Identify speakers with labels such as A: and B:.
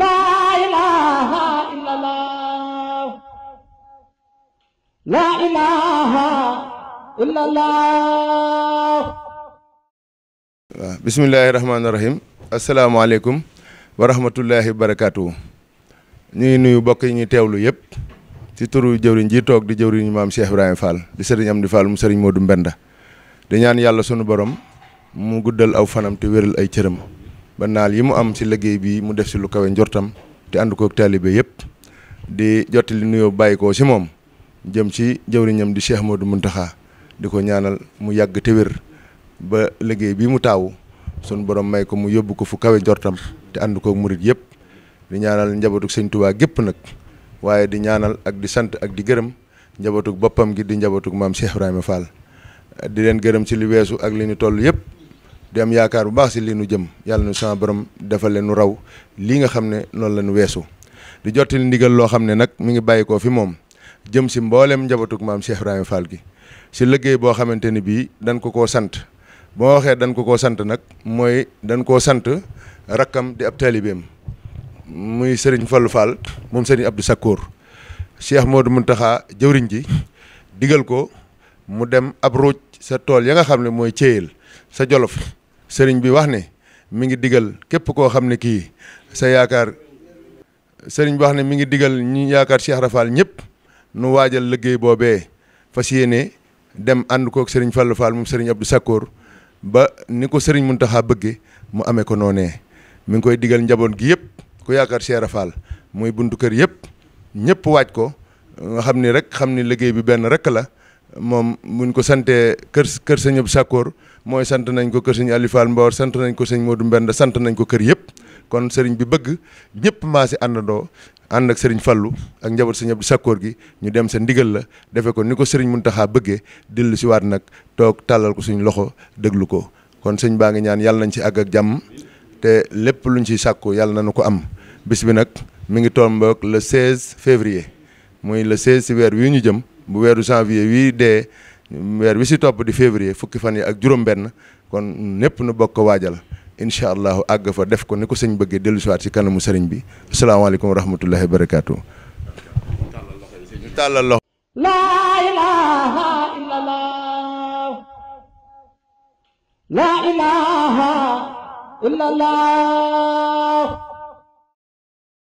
A: laa ilaaha illallah laa ilaaha illallah bismillaahi rahmaani rahiim asalaamaaleykum wa rahmatullaahi barakaatu ñu ngi nuyu mbokk yi ñuy teewlu yëpp ci turu jëwriñ ji toog di jëwriñu maam Cheikh Ibrahima Fall di sëriñ Amdi Fall mu sëriñ Modou Mbenda di ñaan yàlla sunu borom mu guddal aw fanam te wéral ay cëram ba naal yi mu am ci liggéey bii mu def si lu kawe njortam te ànd kook taalibe yëpp di jottali li nuyoo bàyyi ko ci moom jëm ci jëwriñam di moo du Mountakha di ko ñaanal mu yàgg te wér ba liggéey bi mu taawu sunu borom may ko mu yóbbu ko fu kawe njortam te ànd kook murit yëpp di ñaanal njabootu Sëñ Tuubaa gépp nag waaye di ñaanal ak di sant ak di gërëm njabootuk boppam gi di njabootuk maam Cheikh Ibrahima Fall di leen gërëm ci li weesu ak li ñu toll yëpp di am yaakaar bu baax si lii nu jëm yàlla nu sama borom defal leen nu raw lii nga xam ne noonu la nu weesu di jottali ndigal loo xam ne nag mu ngi bàyyi ko fi moom jëm si mboolem njabatug maam Cheikh Ibrahima Fall gi si liggéey boo xamante ni bii dañ ko koo sant boo waxee dañ ko koo sant nag mooy dañ koo sant rakkam di ab taalibeem muy Serigne Fallou Fall moom Serigne Abdou moo du Modou taxaa jëwriñ ji digal ko mu dem ab ruuj sa tool ya nga xam ne mooy céyal sa jolof sëriñ bi wax ne mi ngi digal képp koo xam ne kii sa yaakaar sëriñ bi wax ne mi ngi digal ñu yaakaar Cheikh Rafal ñëpp nu waajal liggéey boobee fas yéene dem ànd kook sëriñ Fallou Fall moom sëriñ Abdou Sakkoor ba ni ko sëriñ Mountakha bëgge mu amee ko noonee mu ngi koy digal njaboot gi yëpp ku yaakaar Cheikh Rafal muy buntu kër yëpp ñëpp waaj ko nga xam ni rek xam ni liggéey bi benn rek la. moom muñ ko santee kër kër sëñ Abdou Sakkoor mooy sant nañ ko kër sëñ Aliou mboor Mbawar sant nañ ko sëñ du Mbend sant nañ ko kër yëpp kon sëriñ bi bëgg ñëpp maa si àndandoo ànd ak sëriñ fallu ak njaboot sëñ Abdou Sakkoor gi ñu dem sa ndigal la defe ko ni ko sëriñ Mountakha bëggee dellu si waat nag toog tàllal ko suñu loxo déglu ko kon sëñ baa ngi ñaan yàlla nañ si àgg ak jàmm te lépp luñ si sàkku yàlla nañu ko am bis bi nag mi ngi tombe ak le 16 février muy le 16 si weer ñu jëm bu weeru janvier wii dee weer wi si topp di février fukki fan yi ak juróom-benn kon népp nu bokk ko waajal incha allahu àgg fa def ko ni ko sëñ bëggee dellu si waat si kanamu sëriñ bi asalaamaaleykum wa rahmatullahi wa barakaatu. laa ilaha illallah laa ilaha illallah.